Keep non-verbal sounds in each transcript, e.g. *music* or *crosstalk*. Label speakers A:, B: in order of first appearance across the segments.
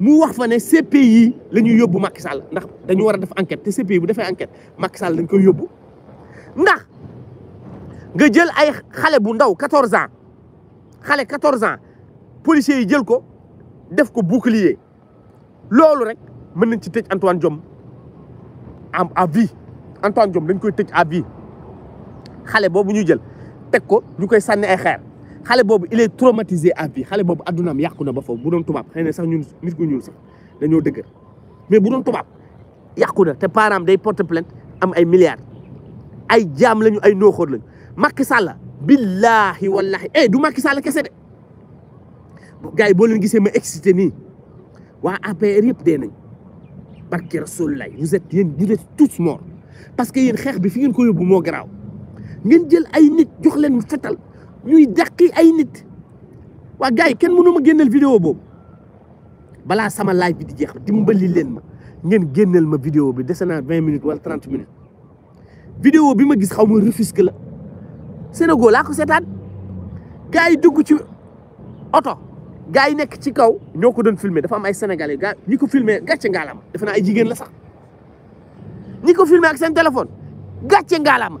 A: mu wax fa ne CPI la ñuy yóbbu Macky Sall ndax dañu war a def enquête te CPI bu defee enquête Macky Sall dañ koy yóbbu ndax nga jël ay xale bu ndaw 14 ans xale 14 ans policiers yi jël ko def ko bouclier loolu rek mën nañ ci tëj Antoine Diome am à vie Antoine Diome dañ koy tëj à vie xale boobu ñu jël teg ko ñu koy sànni ay xeer. xalé bobu il est traumatisé à vie xalé bobu addunaam yàqu na ba foofu bu doon tubaab xëy sax ñun nit ku ñuul sax dañoo dëgër mais bu doon tubaab yakuna té param parent day porte plainte am ay milliards ay jaam lañu ay noxor lañu Macky Sall billaahi wallaahi eh du Macky Sall kese de gars yi leen gisee ma excité ni wa APR yëpp dé nañ barke Rasulullah vous êtes yéen vous êtes tous morts parce que yéen xex bi fi ngeen ko yobbu mo graw ngeen jël ay nit jox leen fetal ñuy dàqi ay nit waa gars yi kenn mënu ma génneel vidéo boobu balaa sama laaj bi di jeex dimbali leen ma ngeen génneel ma vidéo bi dese naa vingt minutes wala trente minutes vidéo bi ma gis xaw ma Rufisque la Sénégal laa yi dugg ci oto gars yi nekk ci kaw ñoo ko doon filme dafa am ay sénégalais gars ñi ko filmer gàcce ngaalaama defe naa ay jigéen la sax ñi ko filmer ak seen téléphone gàcce ngaalaama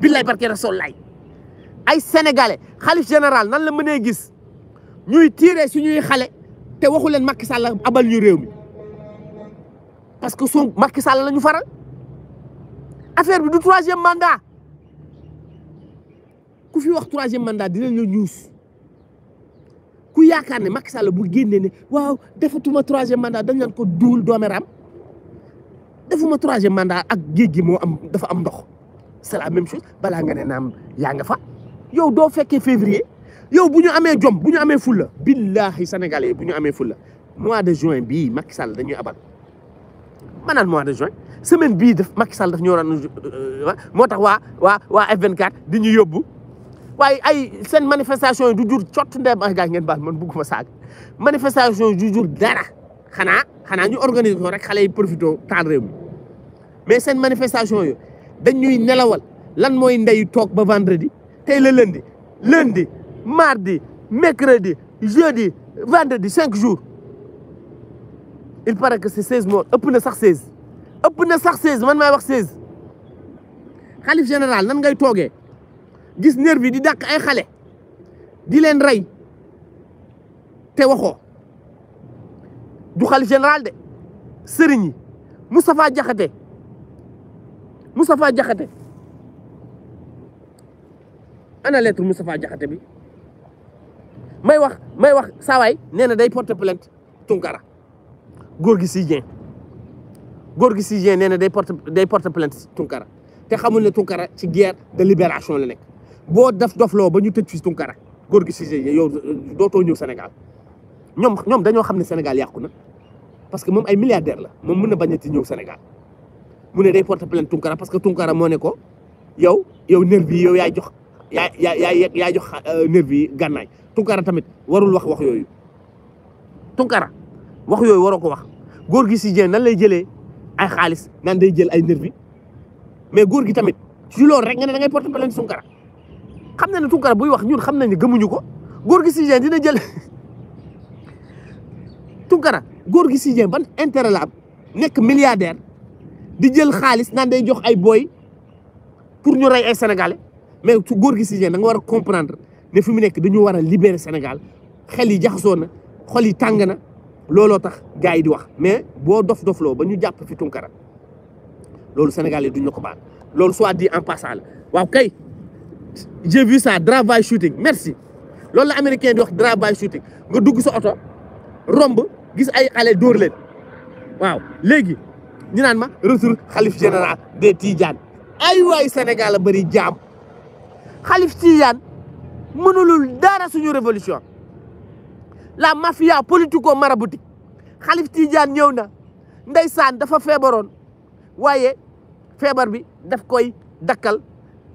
A: bilay barke rasoul lay ay sénégalais khalif général nan la mënee gis ñuy tiré suñuy xalé te waxu len Macky Sall abal ñu réew mi parce que son Macky Sall la ñu faral affaire bi du troisième mandat ku fi wax troisième mandat dinañ la ñuus ku yaakaar ne Macky Sall bu génnee ne waaw defatuma troisième mandat dañ ko troisième mandat ak mo am dafa am c'est la même chose Bala nga nam ya nga fa yow do fekkee février yow buñu amé amee jom bu ñu amee fulla billahi sénégalais buñu amé ñu amee fulla mois de juin bi Macky Sall dañuy abal manal mois de juin semaine bi daf Macky Sall daf ñu waroon wa wa wa waa F24 di ñu yóbbu ay sen manifestation du jour cott ndem ay gars ngeen baal man bugguma saag manifestation du jour dara xana xana ñu organiser rek xalé yi profité taal mi mais sen manifestation yo dañ ben nelawal lan moy ndey toog ba vendredi le lundi lundi mardi mercredi jeudi vendredi 5 jours il paraît que c'est 16 mois, ëpp na sax seize ëpp na sax seize man tu wax seize Khalif général nan ngay togué gis di ay di rey te du général de serigne Moustapha Diakhaté ana lettre Moustapha Diakhaté bi may wax may wax saawaay nee na day porter plainte Tunkara góor gi si Dieng góor gi si Dieng nee na day porte day porter plainte Tunkara te xamul ne Tunkara ci guerre de libération la nekk boo def dofloo ba ñu tëj fi Tunkara góor gi si Dieng yow dootoo ñëw Sénégal ñoom ñoom dañoo xam ne Sénégal yàqu na parce que moom ay milliardaire la moom mën na bañati ñëw senegal mune day porter plainte Tunkara parce que Tunkara moo ne ko yow yow nervi yow yaay jox yaa yaa yaa jox euh, nervi yi Tunkara tamit warul wax wax yoyu Tunkara wax yoyu waroo ko wax gor gui si jeen nan lay jele ay khalis nan day jël ay nervi mais gor gui tamit ci loolu rek nga ngay porter plainte Tunkara xamna ni Tunkara buy wax ñun xamna ni gëmuñu ko gor gui si jeen dina jël *laughs* Tunkara gor gui si jeen ban intérêt la nek milliardaire. di jël xaalis naan day jox ay booy pour ñu rey ay sénégalais mais su góor gi si da nga war a comprendre ne fi mu nekk dañu war a libérer Sénégal xel yi jaxasoo na xol yi tàng na looloo tax gars yi di wax mais boo dof-dofloo ba ñu jàpp fi Tunkara loolu sénégalais duñ la ko baal loolu soit di en passant waaw kay j'ai vu ça drive by shooting merci loolu la américain di wax drive by shooting nga dugg sa oto romb gis ay xale dóor leen waaw léegi. ñu naan ma retour xalif general de Tidiane ay way Sénégal bari jam jaam Tidiane mënulul dara suñu révolution la mafia politico marabouti xalif Tidiane ñewna na dafa feebaroon waaye feebar bi daf koy dakal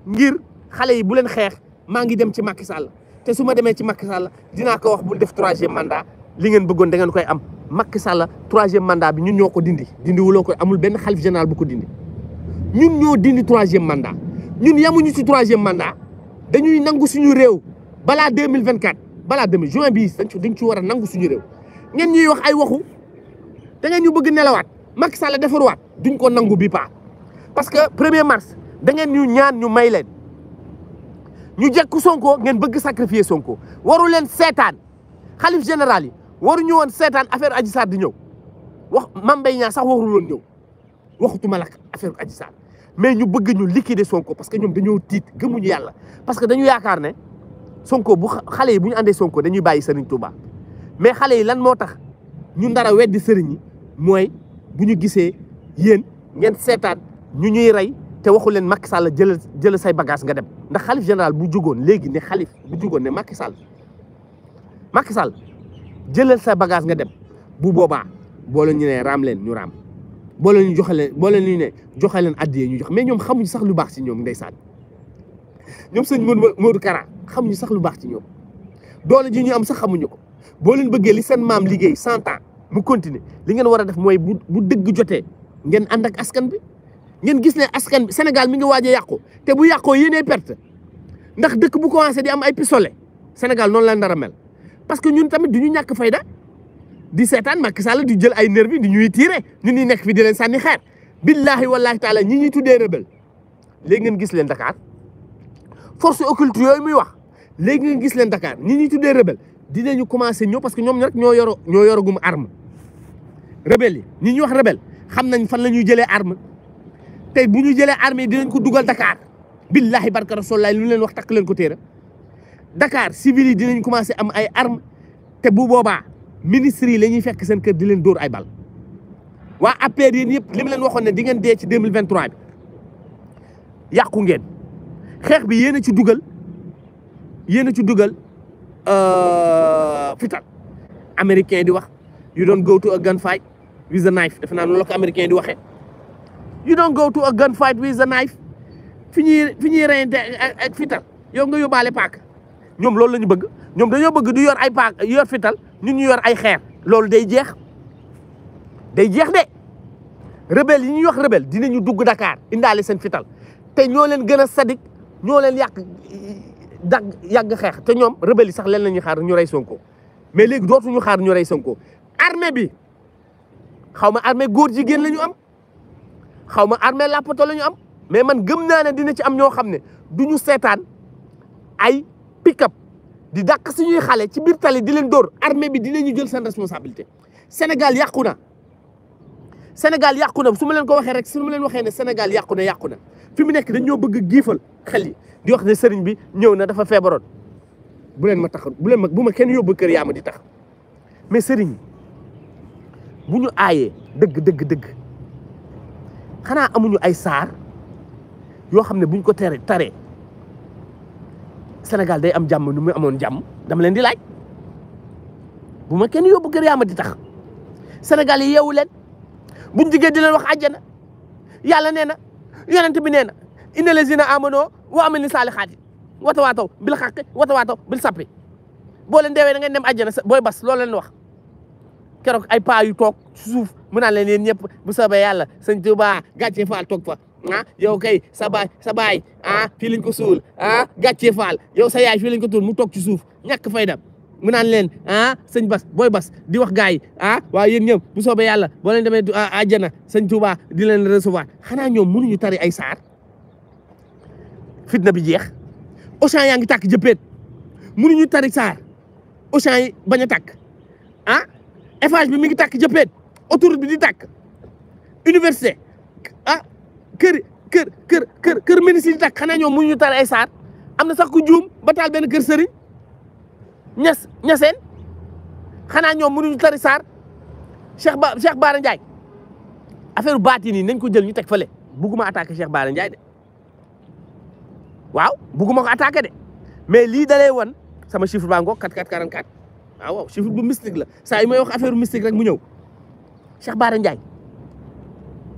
A: ngir xalé yi bu len xex ma ngi dem ci Macky Sall té suma démé ci Macky Sall dina ko wax bu def 3e mandat li ngeen bëggoon da ngeen koy am Macky Sall troisième mandat bi ñun ñoko dindi dindi wu ko amul ben xalif général bu ko dindi ñun ñoo dindi troisième mandat ñun yamuñu ci troisième mandat dañuy nangu suñu rew bala 2024 bala demi juin bi dañ ci dañ ci wara nangu suñu rew ñen ñi wax ay waxu da ngeen ñu bëgg nelawat Macky Sall wat duñ ko nangu bi pa parce que 1er mars da ngeen ñu ñaan ñu may leen ñu jekku Sonko ngeen bëgg sacrifier Sonko waru leen sétane xalif général yi waruñu woon seetaan affaire Adji di ñëw wax Mame Mbaye Niang sax warul woon affaire Adji Sarr mais ñu bëgg ñu liquider Sonko parce que ñoom dañoo tiit gëmuñu yàlla parce que dañu yakaar ne Sonko bu xale yi bu ñu àndee Sonko dañuy bàyyi Serigne Touba mais xale yi lan moo tax ñu dara weddi sëriñ yi mooy bu ñu gisee yéen ngeen seetaan ñu ñuy rey te waxu leen Macky Sall jël jël say bagage nga dem ndax xalif général bu jugoon léegi ne xalif bu jugoon ne Macky Sall jëlal sa bagage nga dem bu boobaa boo leen ñu ne raam leen ñu raam boo leen ñu joxe leen boo leen ne joxe leen addiyee ñu jox mais ñoom xamuñu sax lu baax ci ñoom ndeysaan ñoom sëñ Modou Kara xamuñu sax lu baax ci ñoom doole ji ñu am sax xamuñu ko boo leen bëggee li seen maam liggéey santa mu continuer li ngeen war a def mooy bu bu dëgg jotee ngeen ànd ak askan bi ngeen gis ne askan bi Sénégal mi ngi waaj a yàqu te bu yàqoo yéenee perte ndax dëkk bu commencé di am ay pistolet Sénégal noonu la nar a mel parce que ñun tamit duñu ñak fayda di seetaan Macky Sall di jël ay nervi di ñuy tiré ñun ñi nek fi di leen sanni xeer billahi wallahi taala ñi ñi tuddee rebel légui ngeen gis leen Dakar force occulte yoy muy wax légui ngeen gis leen Dakar ñi ñuy rebel di nañu commencé ñoo parce que ñom rek ñoo yoro ñoo gum arme rebel yi ñi ñi wax rebel xam nañ fan la jëlé arme tay buñu jëlé arme di nañ ko duggal Dakar billahi barka rasulullah lu leen wax tak leen ko téré Dakar civil yi dinañ commencé am ay arm te bu boobaa ministres yi la ñuy fekk seen kër di leen dóor ay bal waa APR yéen yëpp li mu leen waxoon ne di ngeen dee ci deux yàqu ngeen xeex bi yéen a ci dugal yéen a ci dugal euh, fital américain di wax yu don't go to a gunfight with a knife defe naa loolu la ko américain di waxee yu don go to a gunfight with a knife fi ñuy fi ñuy reyante ak fital yow nga yóbbaale paak ñoom loolu lañu bëgg ñoom dañoo bëgg di yor ay paak yor fital ñu ñu yor ay xeer loolu day jeex day jeex de rebelle yi ñuy wax rebelle dinañu dugg dakaar indaale seen fital te ñoo leen gën a sadik ñoo leen yàq dag yàgg xeex te ñoom rebelle yi sax leen la ñuy xaar ñu rey Sonko mais léegi dootuñu xaar ñu rey Sonko armée bi xaw ma armée góor jigéen la ñu am xaw ma armée làppato la ñu am mais man gëm naa ne dina ci am ñoo xam ne du ñu seetaan ay pick-up di dàq suñuy xale ci bir tali di leen dor armée bi di dinañu jël sen responsabilité Sénégal yakuna Sénégal yakuna suma leen ko waxé rek suma leen waxé ne Sénégal yakuna yakuna fi mu nek dañu bëgg giifal xel yi di wax ne sëriñ bi ñëw na dafa fébaron bu leen ma tax bu leen ma bu ma kenn yóbbu kër yaama di tax mais sëriñ bu ñu aayee dëgg dëgg dëgg xanaa amuñu ay sar yo xamné buñ ko tere taree senegal day am jàmm nu mu amoon jàmm dama leen di laaj bu ma kenn yóbbu kër yaa di tax senegal yi yeewu leen buñ jigéen di leen wax àjjana yàlla nee na yonent bi nee na inna lazina amanoo wa amilni saalihaati wata waataw bil xaqi wata waataw bil sappi boo leen deewee da ngeen dem àjjana booy bas loolu leen wax keroog ay paa yu toog suuf mu naan leen yéen ñëpp bu soobee yàlla sëñ Tuubaa gàccee faal toog fa ah yow kay sa sabai sa bay ah fi liñ ko sul ah gatché fal yow sa yaay kusul mutok ko tour mu tok ci suuf ñàkk fayda mu nan len ah señ bass boy bass di wax gaay ah waa yéen ñëpp bu soobee yalla bo len demé aljana señ Touba di len recevoir ñom mënu ñu tari ay saar fitna bi jeex ocean yaangi tak jeppet mënu ñu tari saar ocean yi ah Eiffage bi mi ngi tak jeppet autoroute bi di tak université kër kër kër kër kër tak yi takk xanaa ñoom mënuñu taal ay saar am na sax ku juum ba taal benn kër sëriñ ñas ñaseen xanaa ñoom mënuñu tari saar Cheikh Ba Cheikh Baara Ndiaye affaire baat yi nii nañ ko jël ñu teg fële buguma attaqué Cheikh Baara Ndiaye de waaw bugguma ko attaqué de mais lii dalay wan sama chiffre baa ngoog 44 44 waaw waaw chiffre bu mystique la saa yi may wax affaire mystique rek mu ñëw Cheikh Baara Ndiaye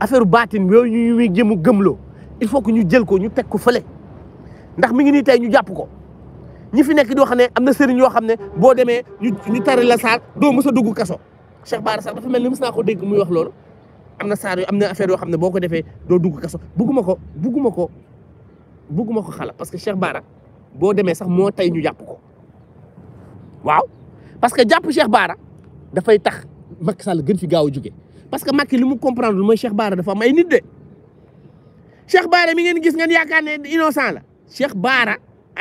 A: affaire baatin yooyu ñu ñuy jëm gëmloo il faut ñu jël ko ñu teg ko fële ndax mi ngi nii tey ñu jàpp ko ñi fi nekk di wax ne am na sëriñ yoo xam ne boo demee ñu ñu tari la saar doo mës a dugg kaso Cheikh Bara sax dafa mel ni mës naa ko dégg muy wax loolu am na saar yu am ne affaire yoo xam ne boo ko defee doo dugg kaso bugguma ko bugguma ko bugguma ko xala parce que Cheikh Bara boo demee sax moo tey ñu jàpp ko waaw parce que jàpp Cheikh baara dafay tax Macky Sall gën fi gaaw a jóge parce que Macky li mu comprendre lu mooy Cheikh Bara dafa am ay nit de Cheikh Bara mi ngeen gis ngeen yaakaar ne innocent la Cheikh Bara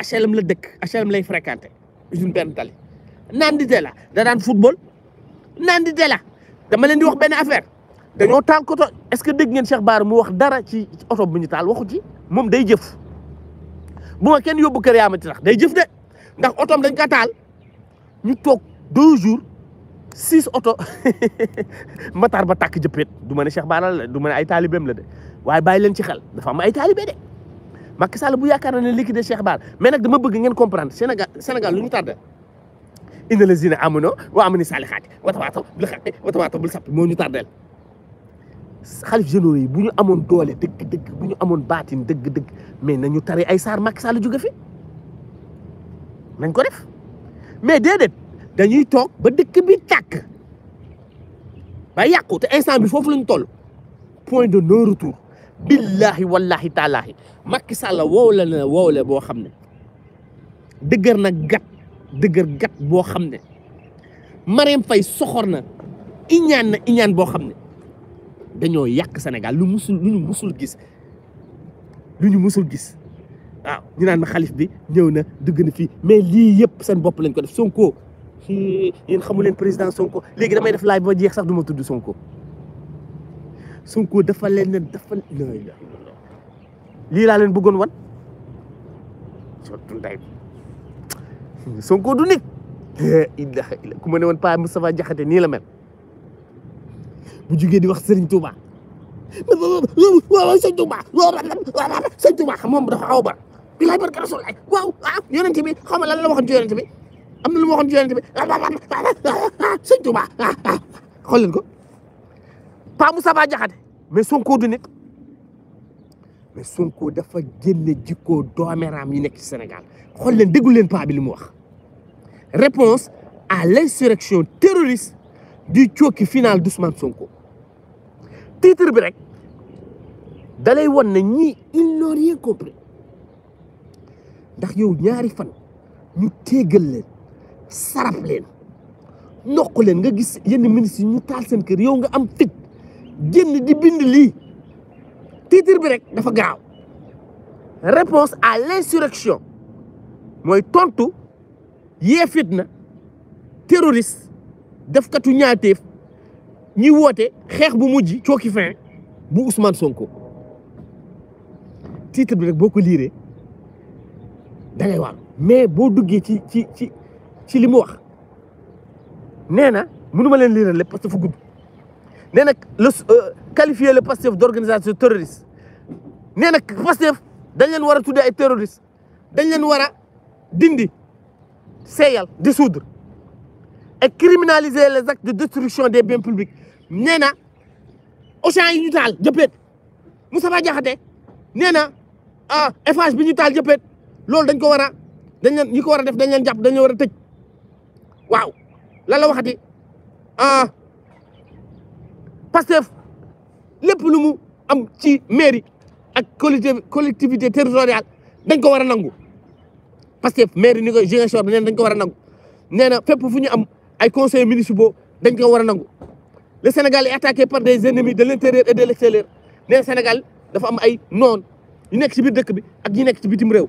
A: HLM la dëkk HLM lay fréquenté usine benn tali naan di tee la da daan football naan di tee la dama leen di wax benn affaire dañoo taal koto est-ce que dégg ngeen Cheikh Bara mu wax dara ci oto bu ñu taal waxu ci moom day jëf bu ma kenn yóbbu kër yaa ma ci day jëf de ndax otoom dañ ko taal ñu toog deux jours six oto *laughs* mataar ba tàkk jëppeet du ma ne Cheikh Bara la du ma ne ay taalibeem la de waaye bàyyi leen ci xel dafa am ay taalibe de Macky Sall bu yaakaar na ne liquide Cheikh Bara mais nag dama bëgg ngeen comprendre Sénégal lu ñu tardé inna lazina amono wa amani saalixaati watawaataw bil xaqi watawaataw bil sappi moo ñu tardeel xalif généraux yi bu ñu amoon doole dëgg dëgg bu ñu amoon baatin dëgg dëgg mais nañu tari ay saar Macky Sall jóge fi nañ ko def mais d dañuy toog ba dëkk bi tàkk ba yàqu te instant bi foofu lañ toll point de non retour billahi wallahi taalaahi Macky Sall woow la na woow la boo xam ne dëgër na gat dëgër gat boo xam ne Marème fay soxor na iñaan na iñaan boo xam ne dañoo yàq senegal lu musul lu gis lu ñu musul gis waaw ñu naan na xalif bi ñëw na dugg na fii mais lii yëpp seen bopp lañ ko def Sonko yéen xamu leen président Sonko léegi damay def laaj ba jeex sax du ma tudd Sonko Sonko dafa leen ne dafa lii laa leen bëggoon wan Sonko du nit illaha illa ku ma ne woon Pa Moustapha Diakhaté nii la bu jugee di wax Serigne Touba waaw Serigne Touba waaw Serigne Touba moom dafa aw ba bilaay barka rasul waaw ah yonente bi xam nga lan la waxoon ci amna lu ma waxoon ci yonent bi ah, ah, ah, sëñ Touba xool leen ko Pa Moussa Ba Jaxate mais Sonko du nit mais Sonko dafa genné jikko dooméram yi nekk ci Sénégal xool leen déggu leen pa bi limu wax réponse à l'insurrection terroriste du cooki final d'Ousmane Sonko titre bi rek dalay won né ñi ils n'ont rien compris ndax yow ñaari fan ñu téegal leen sarap leen nga gis yenn ministre ñu taal seen kër yow nga am fit génn di bind lii titre bi rek dafa réponse à l'insurrection mooy tontu yee fitna terroriste defkatu ñaateef ñi woote xeex bu mujj fin bu Ousmane Sonko titre bi rek da mais boo ci limu wax nee na mënu ma leen parce que fu gudd le euh, qualifier le Pastef d'organisation terroriste nee na Pastef dañ leen war a ay terroriste dañ len wara dindi seeyal dissoudre et criminaliser les actes de destruction des biens publics nee na yi ñu taal jëppeet Moustapha Diakhaté nee na ah effacer bi ñu taal jëppeet loolu dañ ko wara a dañ leen ñi ko wara def dañ len jàpp dañ leen war waaw lan la waxati ah Pastef lépp lu mu am ci mairie ak collectivité territoriale dañ ko war a nangu Pastef mairie ni ko Ziguinchor bi nee dañ ko war a nangu nee na fépp fu ñu am ay conseils municipaux dañ ko war nangu le Sénégal est attaqué par des ennemis de l'intérieur et de l'extérieur nee Sénégal dafa am ay noon yu nekk ci biir dëkk bi ak ñu nekk ci bitim réew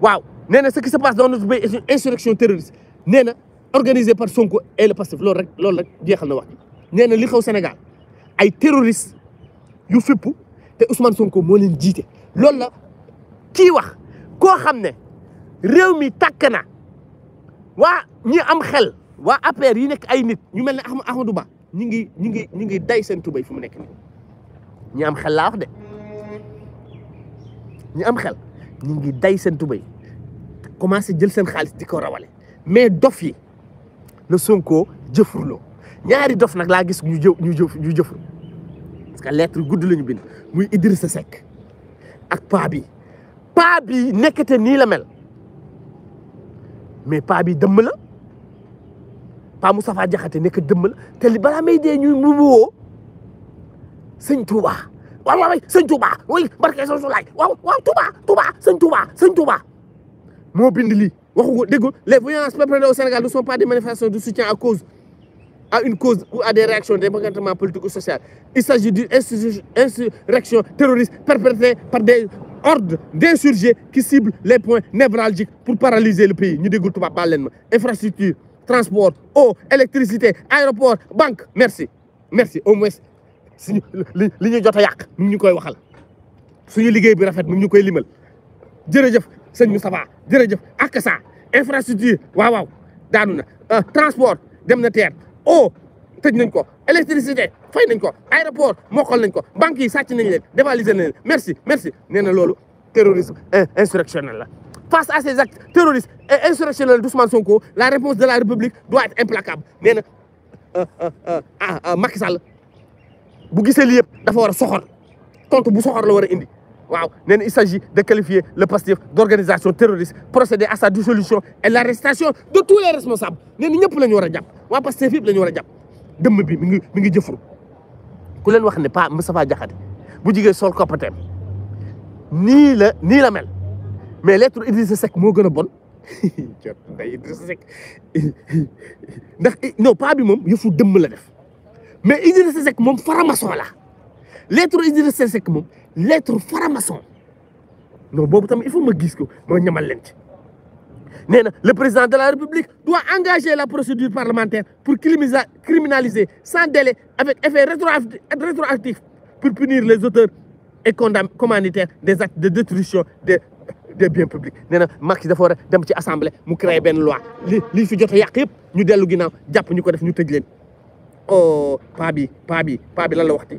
A: waaw nee na ce qui se passe dans notre pays est une insurrection terroriste nee organisé par Sonko et le passif loolu rek loolu rek jeexal na wax nee li xaw Sénégal ay terroriste yu fépp te Ousmane Sonko mo len jité loolu la ki wax ko xamné ne réew mi takna wa ñi am xel wa APR yi nek ay nit ñu melni ne Ahmadou Ba ñi ngi ñi ngi ñi ngi day sen Toubay fu mu nek ñi am xel la wax de ñi am xel ñi ngi day sen Toubay commencé jël sen xaliss diko rawale. mais dof yi la Sonko jëfurloo ñaari dof nag laa gis ñu ñu jëf ñu jëfur parce que lettre gudd la ñu bind muy Idrissa Seck ak paa bi paa bi nekkate nii la mel mais paa bi dëmm la paa Moustapha jakate nekk dëmm la te li balaa may dee ñuy mu woo sëñ Touba waaw waaw sëñ Touba oui barke soo su laay waaw waaw Touba Touba sëñ Touba sëñ Touba moo bind lii. les voyages perpétrées au Sénégal ne sont pas des manifestations de soutien à cause à une cause ou à des réactions d'émancipement politiques ou sociales. il s'agit d'une insurrection terroriste perpétrée par des ordres d'insurgés qui ciblent les points névralgiques pour paralyser le pays Nous dégoûtons pas baal infrastructure transport eau électricité aéroport banque merci merci au moins suñu li ñu jot nous yàq mi ngi ñu koy waxal suñu liggéey bi rafet mi ngi ñu sëñ Moustapha jërëjëf ak ça infrastructure waaw waaw daanu na euh, transport dem na teer eau tëj nañ ko électricité fay nañ ko aéroport mokkal nañ ko banques yi sàcc nañ leen dévaliser nañ merci merci nee na loolu terrorisme insurrectionnel la face à ces actes terroristes et insurrectionnels d'Ousmane Sonko la réponse de la République doit être implacable nee na euh, euh, ah, Macky Sall bu gisee lii yëpp dafa war a soxor tontu bu soxor la war a indi Wow. Il s'agit de qualifier le PASTIF d'organisation terroriste, procéder à sa dissolution et l'arrestation de tous les responsables. Nous sommes tous les gens qui PASTIF est les gens qui ont été mis en place. Ku leen wax ne pas Moustapha Diakhaté bu jigee sol koppateem ni la ni la mel mais lettre Idrissa Seck moo gën a bon *laughs* jot Idrissa Seck ndax non pas bi moom yëfu dëmm la def mais Idrissa Seck moom faramaçon la lettre Idrissa Seck moom lettre franc-maçon non il faut ma je ko ma ñamal le président de la république doit engager la procédure parlementaire pour criminaliser sans délai avec effet rétroactif pour punir les auteurs et commanditaires des actes de détruction des biens publics nee na Macky dafa l'Assemblée a dem ci assemblée mu créé une loi li fi le a yàq ñu dellu ginnaaw oh paa bi paa bi paa bi lan la waxti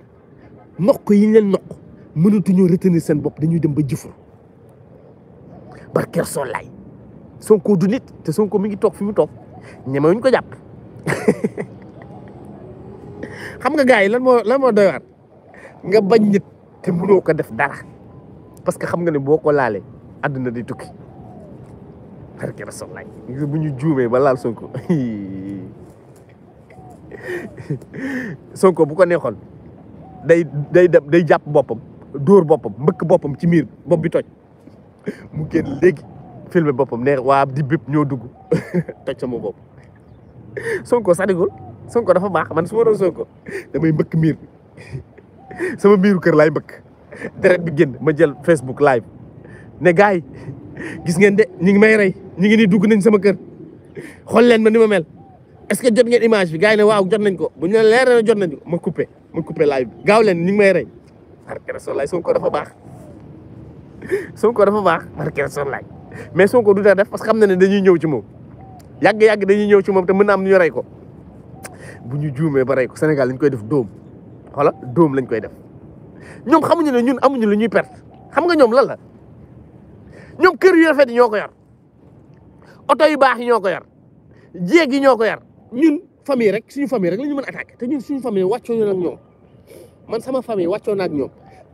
A: noq yi ñu leen noq mënatuñoo retenir seen bopp dañuy dem ba jëfur barkeer soo laay Sonko du nit te Sonko mi ngi toog fi mu toog ñemewuñ ko jàpp *laughs* xam nga gars yi lan moo lan nga bañ nit te mënoo ko def dara parce que xam nga ne boo ko laalee àdduna di tukki barke rasulaay bu ñu juumee ba laal Sonko *laughs* Sonko bu ko neexool day day dem day jàpp boppam dóor boppam mbëkk boppam ci miir bopp bi toj mu génn léegi filmer boppam ne waa di bépp ñoo dugg *laughs* toj sama bopp Sonko sadigul Sonko dafa baax man su ma doon ko damay mbëkk miir *laughs* sama miiru kër laay mbëkk deret bi génn ma jël Facebook live ne gars yi gis ngeen de ñu ngi may rey ñu ngi ni dugg nañ sama kër xool leen ma ni ma mel est-ce que jot ngeen image bi gars yi ne waaw jot nañ ko bu ñu leen leer jot nañ ko ma coupé ma coupé live bi gaaw leen ñu ngi may rey barke Rasoulaay Sonko dafa baax Sonko dafa baax barke Rasoulaay mais Sonko du tax def parce que xam ne ne dañuy ñëw ci moom yàgg-yàgg dañuy ñëw ci moom te mën na am ñu rey ko bu ñu juumee ba rey ko Sénégal lañ koy def dóom wala dóom lañ koy def ñoom xamuñu ne ñun amuñu lu ñuy perte xam nga ñoom lan la ñoom kër yu rafet ñoo ko yar oto i baax yi ñoo ko yar jéeg gi ñoo ko yar ñun famille rek suñu famille rek la ñu mën attaqué te ñun suñu famille nag ñoom man sama famille wàccoo nag ñoom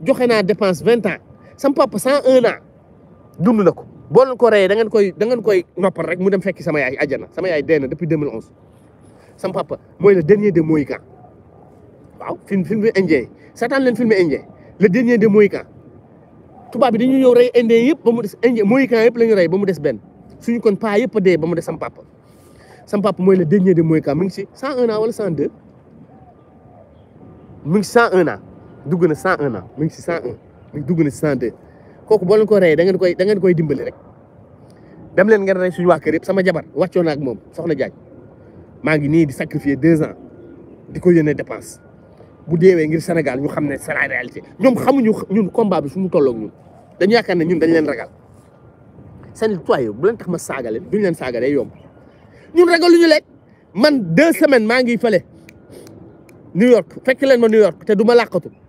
A: joxe naa dépense vingt ans sama papa cent an ans dund na ko boo leen ko reyee da ngeen koy da ngeen koy noppal rek mu dem fekki sama yaay àjjana sama yaay dee na depuis 2011 sama papa mooy le dernier des Mohicans waaw film film indien yi seetaan leen film indien le dernier des Mohicans tubaab bi dañuy ñëw rey indee yëpp ba mu des indien Mohicans yëpp la ñu rey ba mu des benn suñu kon paa yëpp a dee ba mu des sama papa. sama papa mooy le dernier de Moïka mi ngi si 101 ans wala 102 mi ngi 101 dugg na 101 ans mi ngi si 101 dugg na si 102 boo leen ko reyee da koy da ngeen koy dimbali rek dem leen ngeen rey suñu waa kër yëpp sama jabar wàccoo na ak moom soxna Diagne maa ngi nii di sacrifier deux ans di ko yónnee dépense bu deewee ngir Sénégal ñu xam ne c'est la ñoom xamuñu ñun combat bi fu mu tolloog ñun dañu yaakaar ne ñun dañ leen ragal seen toit bu leen tax ma saagalee ñu leen saagalee yomb. ñun ragaluñu lekk man deux semaines maa ngi fële New York fekk leen ma New York te du ma làqatu